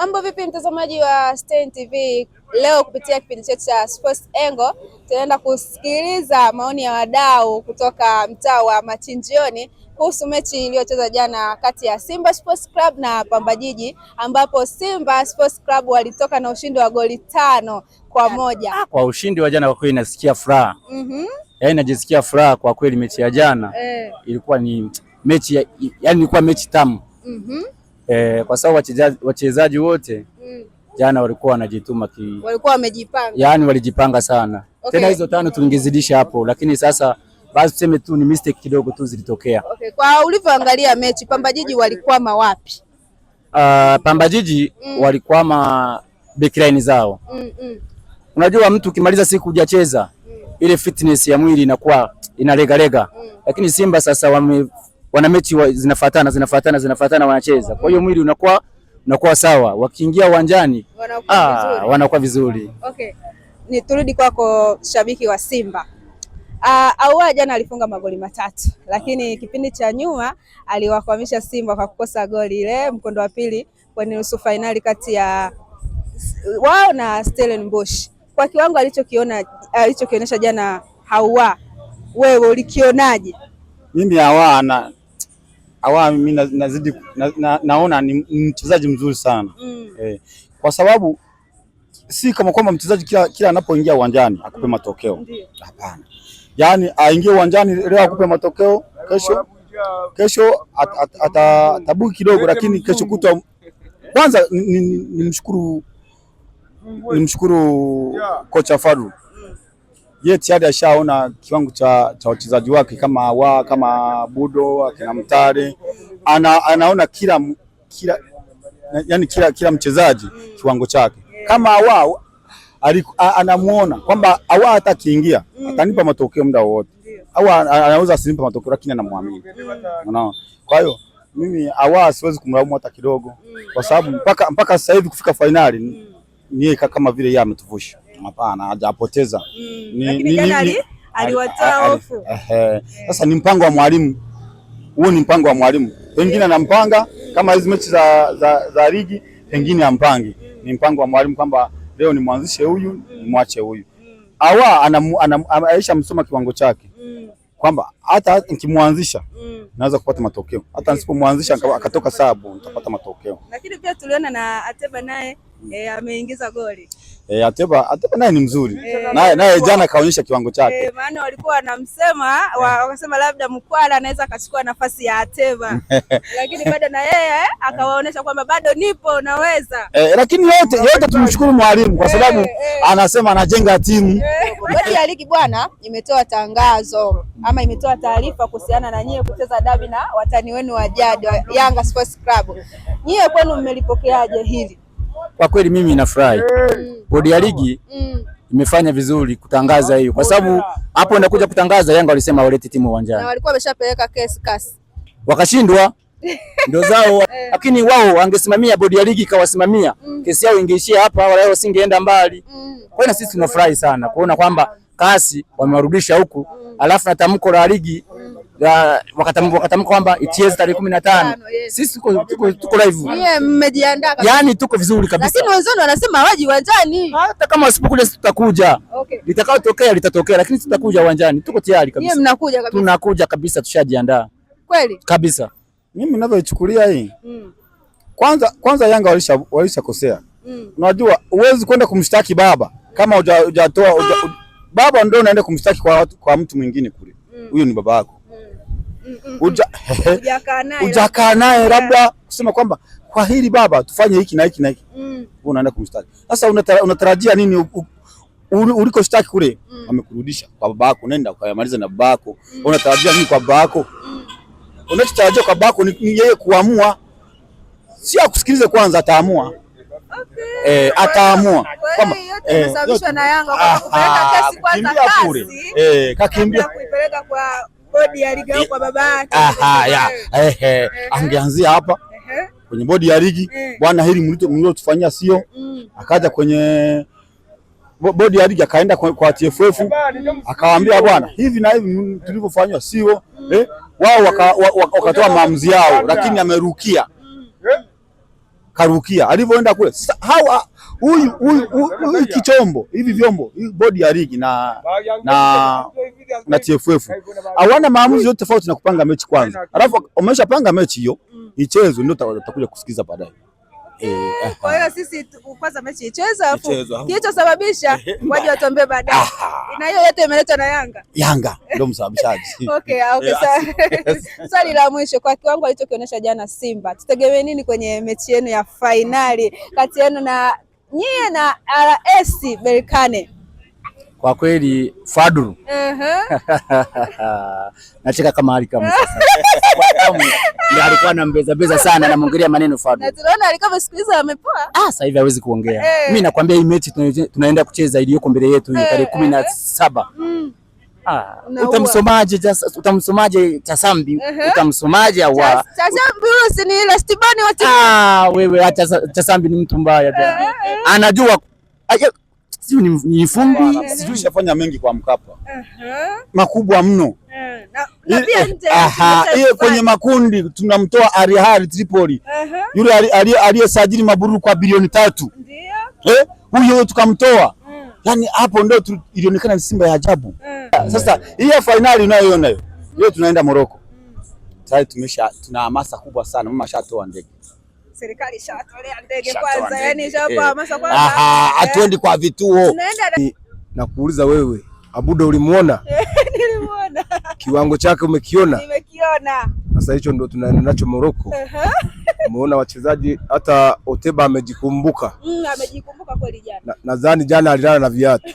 Mambo vipi mtazamaji wa Stein TV? Leo kupitia kipindi chetu cha Sports Angle tunaenda kusikiliza maoni ya wadau kutoka mtaa wa Machinjioni kuhusu mechi iliyocheza jana kati ya Simba Sports Club na Pamba Jiji ambapo Simba Sports Club walitoka na ushindi wa goli tano kwa moja. Ah, kwa ushindi wa jana kwa kweli nasikia furaha. Mhm. Mm yaani najisikia furaha kwa kweli mechi ya jana eh, ilikuwa ni mechi ya, yaani ilikuwa mechi tamu. Mhm. Mm eh, kwa sababu wachezaji wote mm. jana walikuwa wanajituma ki... walikuwa wamejipanga, yani walijipanga sana okay. Tena hizo tano tungezidisha hapo, lakini sasa basi tuseme tu ni mistake kidogo tu zilitokea. Okay. Kwa ulivyoangalia mechi Pamba Jiji walikwama wapi? Uh, Pamba Jiji mm. walikwama backline zao mm -mm. Unajua, mtu ukimaliza siku hujacheza mm. ile fitness ya mwili inakuwa inalegalega mm. Lakini Simba sasa wame wana mechi wa, zinafuatana zinafuatana zinafuatana wanacheza, kwa hiyo mwili unakuwa unakuwa sawa, wakiingia uwanjani wanakuwa ah, vizuri. Okay, niturudi kwako shabiki wa Simba. Uh, ah, Ahoua jana alifunga magoli matatu lakini kipindi cha nyuma aliwakwamisha Simba kwa kukosa goli ile mkondo wa pili kwenye nusu fainali kati ya wao na Stellenbosch. Kwa kiwango alichokiona alichokionyesha jana Ahoua, wewe ulikionaje? Mimi Ahoua Awa mimi nazidi na, na, naona ni mchezaji mzuri sana mm. eh, kwa sababu si kama kwamba mchezaji kila, kila anapoingia uwanjani akupe mm. matokeo hapana. Yaani aingie uwanjani leo akupe matokeo kesho, kesho atatabuki at, kidogo, lakini kesho kutwa kwanza nimshukuru ni, ni, ni nimshukuru kocha Fadlu ye tayari ashaona kiwango cha, cha wachezaji wake kama wa kama Budo akina Mtare ana, anaona kila, kila, yani kila, kila mchezaji kiwango chake kama wa anamuona kwamba awa hata akiingia atanipa matokeo muda wote, au anaweza asinipa matokeo, lakini anamwamini. Unaona, kwa hiyo mimi awa siwezi kumlaumu hata kidogo, kwa sababu mpaka mpaka sasa hivi kufika fainali ni kama vile yeye ametuvusha. Hapana, hajapoteza mm, hofu. Sasa ni mpango wa mwalimu huo, ni mpango wa mwalimu, pengine anampanga kama hizi mechi za, za, za ligi, pengine ampangi. Mm. Ni mpango wa mwalimu kwamba leo nimwanzishe huyu mm. nimwache huyu, awa aisha msoma kiwango chake kwamba hata nikimwanzisha naweza kupata matokeo, hata nisipomwanzisha akatoka sabu nitapata matokeo. Lakini pia tuliona na Ateba naye eh, ameingiza goli eh. Ateba, Ateba naye ni mzuri eh, naye naye jana kaonyesha kiwango chake eh, maana walikuwa wanamsema eh. wakasema labda Mkwala anaweza akachukua nafasi ya Ateba lakini bado na yeye eh, akawaonyesha kwamba bado nipo naweza eh, lakini yote yote tumshukuru mwalimu kwa sababu anasema anajenga timu Bodi ya ligi bwana imetoa tangazo ama imetoa taarifa kuhusiana na nyie kucheza dabi na watani wenu wa jadi Yanga Sports Club. Nyie kwenu mmelipokeaje hili? kwa kweli mimi nafurahi mm. bodi ya ligi mm. imefanya vizuri kutangaza hiyo, kwa sababu hapo ndakuja kutangaza Yanga walisema walete timu uwanjani na walikuwa wameshapeleka kesi kasi, wakashindwa ndio zao, eh. lakini wao wangesimamia, bodi ya ligi ikawasimamia mm. kesi yao ingeishia hapa, wala wao singeenda mbali. Kwa hiyo na sisi tunafurahi sana kuona kwamba kasi wamewarudisha huku, alafu na tamko la ligi wakatamka kwamba itiezi tarehe kumi na tano. Sisi tuko tuko tuko live, mmejiandaa kabisa, yani tuko vizuri kabisa, lakini wenzao wanasema hawaji uwanjani. Hata kama wasipokuja sisi tutakuja, litakayotokea litatokea, lakini sisi tutakuja uwanjani, tuko tayari kabisa. Mnakuja kabisa? Tunakuja kabisa, tushajiandaa kweli kabisa. Mimi ninavyoichukulia hii mm. Kwanza kwanza Yanga walisha walishakosea mm. Unajua uwezi kwenda kumshtaki baba kama hujatoa ah. baba, ndio unaenda kumshtaki kwa, kwa mtu mwingine kule, mm. huyo mm. ni baba yako hujakaa naye labda kusema kwamba kwa hili baba tufanye hiki na hiki na hiki, mm. unaenda kumshtaki. Sasa unatarajia nini? Ulikoshtaki kule mm. amekurudisha kwa babako, nenda ukamaliza na babako. Mm. Unatarajia nini kwa babako? Mm. Unachotarajia kwa babako ni ni yeye kuamua, si akusikilize kwanza, ataamua Okay. Eh, ataamua kama yote eh, na Yanga kwa ah, kupeleka ah, kesi kwanza, Eh, kakimbia kwa bodi ya ligi kwa eh, babake. Aha, ah, ya. Ehe, eh. eh, angeanzia hapa kwenye bodi ya ligi bwana, hili mlilotufanyia sio. Mm, mm. Akaja kwenye bodi ya ligi akaenda kwa TFF akawaambia bwana, hivi na hivi tulivyofanywa sio mm. eh, wao wakatoa maamuzi yao, lakini amerukia karukia alivyoenda kule hao ah, huyu huyu kichombo hivi vyombo bodi ya ligi na na na TFF hawana maamuzi yote tofauti na kupanga mechi kwanza, alafu wameshapanga mechi hiyo mm. ichezo, ndio tutakuja kusikiza baadaye. Eh, eh, kwa eh, hiyo sisi kwanza mechi ichezwe, alafu kilichosababisha waje watuambie baadaye, na hiyo yote imeletwa na Yanga. Yanga ndio msababishaji. Okay, okay, ah, sawa. Swali la mwisho, kwa kiwango alichokionyesha jana Simba, tutegemee nini kwenye mechi yenu ya fainali kati yenu na nyie na RS Berkane kwa kweli Fadru, uh -huh. nacheka kama hali kama sasa, ndio alikuwa anambeza beza sana, na mwongelea maneno Fadru, na tunaona alikuwa amesikiliza, amepoa. Ah, sasa hivi hawezi kuongea. Eh. Mimi nakwambia hii mechi tunaenda kucheza iliyoko mbele yetu hiyo tarehe eh, eh. kumi na saba mm. Ah, Utamsomaje? Utamsomaje Chasambi? Utamsomaje wa Chasambi? Huyu ni ile Stibani wa Ah, wewe acha Chasambi ni mtu mbaya uh eh, -huh. Eh, eh. Anajua sio ni uh -huh. sijui shafanya mengi kwa Mkapa. uh -huh. Makubwa mno. uh -huh. na, pia nje Hiyo kwenye makundi tunamtoa Arihari Tripoli. uh -huh. Yule aliyesajili maburu kwa bilioni tatu. Ndio. Eh, huyo tukamtoa Yani hapo ndio ilionekana Simba ya ajabu mm. Sasa hii finali unayoiona hiyo Hiyo tunaenda Moroko tayari, tumesha tuna hamasa kubwa sana, mama shatoa ndege serikali shatolea ndege kwanza, yani shapa eh. hamasa kwanza, eh. hatuendi kwa vituo. Tunaenda Na kuuliza wewe, Abuda, ulimuona? Nilimuona. kiwango chake umekiona? Nimekiona. Sasa hicho ndio tunaenda nacho Uh-huh umeona wachezaji, hata Oteba amejikumbuka. Mm, amejikumbuka kweli jana. Nadhani jana alilala na viatu